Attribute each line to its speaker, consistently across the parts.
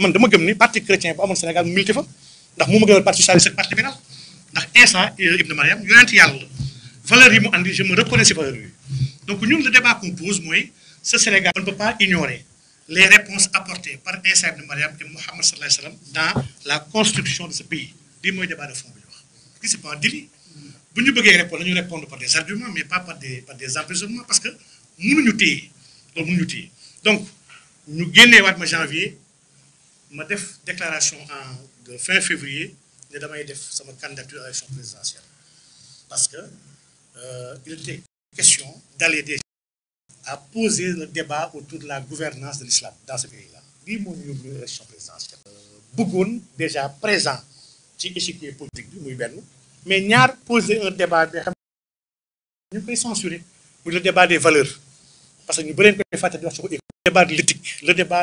Speaker 1: man dama gëm ni parti chrétien bu amoon Sénégal mu fa ndax mu ma gënal parti socialiste ak parti libéral ndax Isa Ibn Mariam yonent yàlla valeur yi mu andi je me reconnais ces valeurs yi donc ñun le débat qu'on pose mooy ce Sénégal on ne peut pas ignorer les réponses apportées par Isa Ibn Mariam et Mohammed sallallahu alayhi wa sallam dans la construction de ce pays lii mooy débat de fond bi wax qui c'est pas un bu ñu bëggee répondre nañu répondre par des arguments mais pas par des par des emprisonnements parce que mënuñu téye loolu mënuñu téye donc ñu génneewaat ma janvier ma déclaration en de fin février né damay def sama candidature à l'élection présidentielle parce que euh, il était question d'aller déjà à poser le débat autour de la gouvernance de l'islam dans ce pays-là lii moo ñu l'élection élection présidentielle euh, Bougoun, déjà présent ci échiquier politique bi muy benn mais ñaar poser un débat de xam ñu koy censurer pour le débat des valeurs parce que ñu ne pouvons koy faire di débat de le débat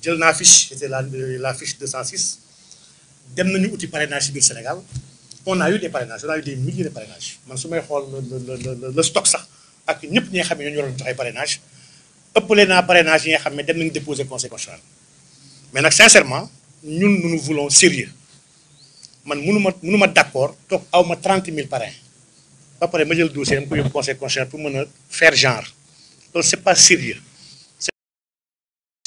Speaker 1: J'ai naa fiche c'était la fiche 206 dem nañu parrainage du Sénégal on a eu des parrainages on a eu des milliers de parrainages man su may le le stock ça, ak ñëpp ñi qui xam ne ñoo ñu waroon joxe parrainage ëppale naa parrainage yi nga xam déposer conseil constitutionnel mais sincèrement ñun nous nous voulons sérieux man nous ma d'accord donc aw ma 30 000 parrain ba pare ma jël dossier am ko conseil constitutionnel pour faire genre Ce c'est pas sérieux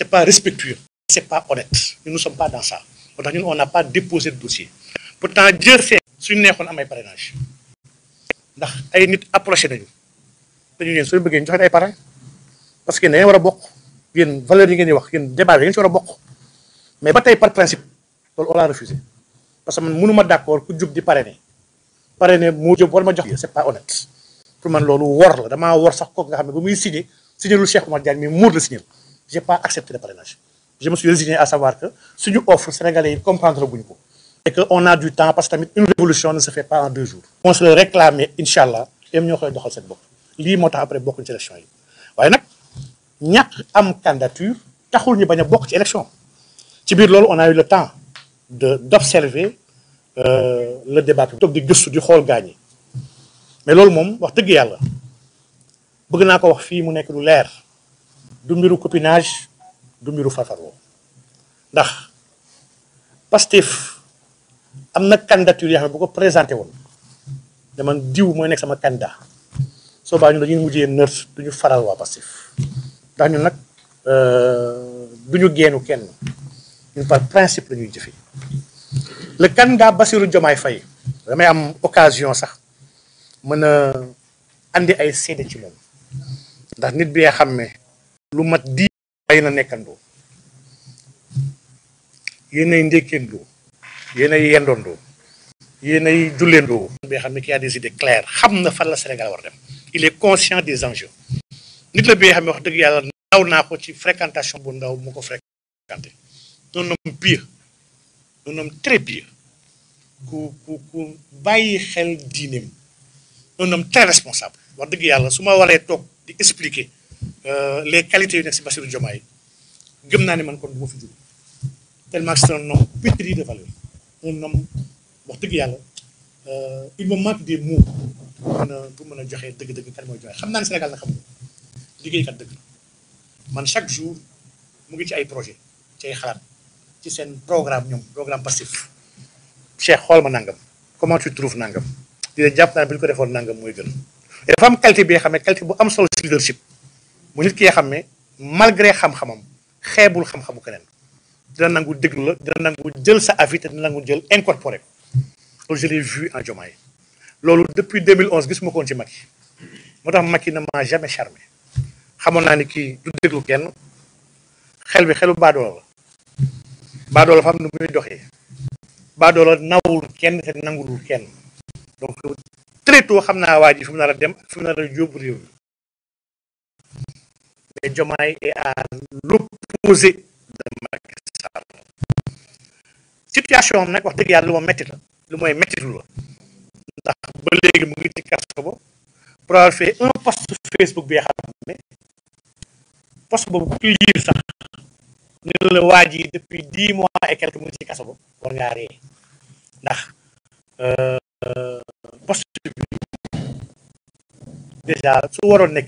Speaker 1: n'est pas respectueux, ce n'est pas honnête. Nous ne sommes pas dans ça. on n'a pas déposé de dossier. Pourtant, Dieu sait, si nous avons un parrainage, nous avons approché de nous. Nous avons besoin d'un parrain. Parce que nous avons un il y a une valeur qui est une débat qui est Mais bataille par principe, on l'a refusé. Parce que je ne suis pas d'accord que Dieu parrainé. Parrainé, moi, je ne c'est pas honnête. Pour moi, c'est un war. Je suis un war. Je suis un war. Je suis un war. Je suis un war n'ai pas accepté le parrainage je me suis résigné à savoir que nous offre sénégalais comprendre et qu'on a du temps parce qu'une révolution ne se fait pas en deux jours on se réclame Inshallah, et nous avons koy doxal cette après beaucoup candidature élection on a eu le temps d'observer euh, le débat du mais l'homme, du mbiru copinage du mbiru fafaroo ndax Pastef am na candidature yoo xam ne bu ko présenté woon dama diw mooy nekk sama candidat soo baa ñu dañuy mujjee nërf du ñu faral waa Pastef ndax ñu nag euh, du ñu geenu kenn ñun par principe la ñuy jëfee le candidat Bassirou Diomaye fay damay am occasion sax mën a andi ay seede ci moom ndax nit bi nga xam ne lu mat di ay na nekkandoo yéenay yena yéenay yene yéenay jullendoo bi xam ne qui a des idées claires xam na la Sénégal war dem il est conscient des enjeux nit la be xamni wax deug yalla naw na ko ci fréquentation bu ndaw mu ko fréquenté non non pire non non très pire ku ku ku bàyyi xel diineem non non très responsable wax deug yalla suma waré tok di expliquer Euh, les qualité yu nekk si Bassirou Diomaye gëm naa ne man kon du ma fi jóg tellement c'est un homme pétri de valeur un homme wax dëgg yàlla euh, il me manque des mots a pour joxe dëgg-dëgg kan mooy Diomaye xam naa ne Sénégal na xam nga liggéeykat dëgg man chaque jour mu ngi ci ay projet ci ay xalaat ci seen programme ñoom programme passif Cheikh xool ma nangam comment tu trouves nangam di leen jàpp naa bu ñu ko defoon nangam mooy gën dafa qualité bi xam ne qualité bu am solo si leadership mu nit ki nga xam ne malgré xam-xamam xeebul xam-xamu keneen dina nangu déglu la dina nangu jël sa avis te dina nangu jël incorporé ko loolu je l'ai vu en Diomaye loolu depuis 2011 gisuma ko woon ci Macky moo tax Macky ne m'a jamais charmé xamoon naa ni kii du déglu kenn xel bi xelu baadoola la baadoola fa am nu muy doxee baadoola nawul kenn te nangulul kenn donc très tôt xam naa waa ji fi mu nar a dem fi mu nar a jóobu réew mi Diomaye est à l'opposé de nag wax dëgg yàlla lu ma métti la lu mooy métti lu la ndax ba léegi mu ngi ci kaso ba pour avoir un post Facebook bi xam ne post boobu ku liir sax ni la waa ji depuis dix mois et quelques mu ngi ci kaso ba war ndax euh, post déjà su waroon nekk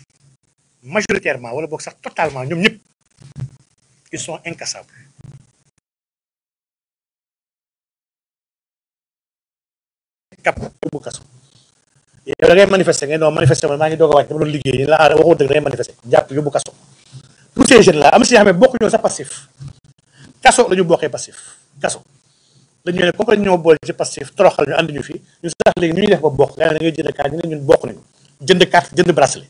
Speaker 1: majoritairement wala boog sax totalement ñoom ñëpp ils sont incassables kap bu kaso yow da ngay manifester nga non manifester man maa ngi doog a wàcc dama doon liggéey la a waxoo dëgg da ngay manifester jàpp yóbbu am si yoo xam ne bokk ñoo sax passif kaso la ñu bokkee passif kaso dañu ne comme ñoo boole ci passif toroxal ñu ànd ñu fi ñu sax léegi ñu ñuy def ba bokk nga ne ngay jënd carte ñu ne ñun bokk nañu jënd carte jënd bracelet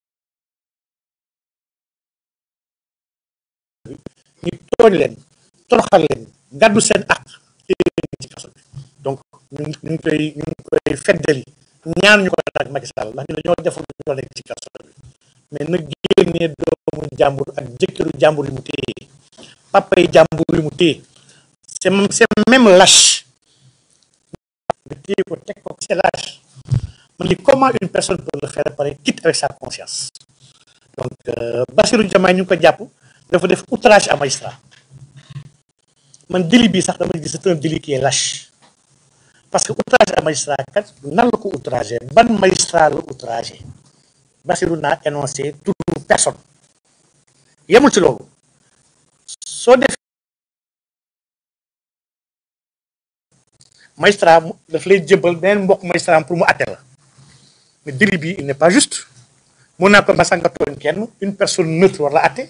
Speaker 1: ñu tooñ leen toroxal leen gàddu seen ak ci kaso bi donc ñu ñu koy ñu koy feddali ñaan ñu ko nag Macky Sall ndax ñu dañoo deful ñoo nekk ci kaso bi mais nag génnee doomu jàmbur ak jëkkëru jàmbur yu mu téye papa yi jàmbur yu mu téye c'est c'est même nga téye ko teg ko c'est man di comment une personne peut le faire pareil quitte avec sa conscience donc euh, Bassirou Diomaye ñu ngi ko jàpp dafa def outrage à magistrat man délit bi sax dama gis c'est un délit qui est parce que outrage à magistrat kat nan la ko outragé ban magistrat la outragé Bassirou naa énoncé toute personne yemul ci loolu soo def magistrat daf lay jëbal beneen mbokk magistrat pour mu àtte la mais délit bi il n'est pas juste mun naa ko mbasa nga tooñ kenn une personne neutre war la àtte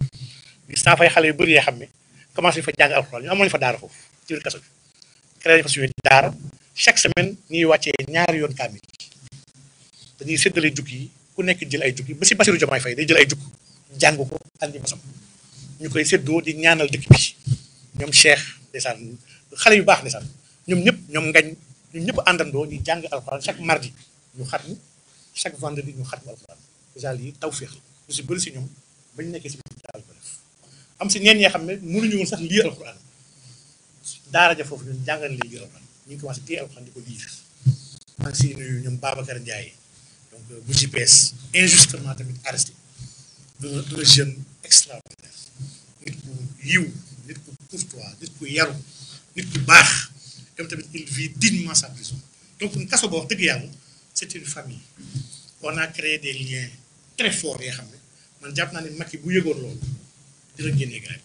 Speaker 1: gis naa fay xale yu bari yoo xam commencé fa jang alcorane ñu amoon fa daara fofu ci kasso créé fa suñu daara chaque semaine ñuy wàccee ñaar yoon kaamil dañuy sédalé juk yi ku nekk jël ay juk yi ba ci basiru jomay fay day jël ay juk jang ko andi basam ñu koy séddoo di ñaanal dëkk bi ñom Cheikh desan xalé yu baax desan ñom ñep ñom ngañ ñom ñep andando ñi jang alcorane chaque mardi ñu xatmu chaque vendredi ñu xatmu alcorane déjà lii tawféex lu si ñom bañ nekk ci am si ñeen ñee xam ne mënuñu woon sax lii alxuraan daara ja foofu ñun jàngal lii alxuraan ñu ngi commencé téye alxuraan di ko lire maa ngi siy nuyu ñoom Babacar Ndiaye donc bu GPS injustement tamit arrêté un jeune extraordinaire nit ku yiw nit ku courtois nit ku yaru nit ku baax dem tamit il vit dignement sa prison donc kaso boo yàlla c'est une famille on a créé des liens très forts yoo xam ne man jàpp naa ne Macky bu yëgoon loolu ci la génnee gars yi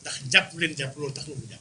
Speaker 1: ndax jàpp leen jàpp loolu tax na mu jàpp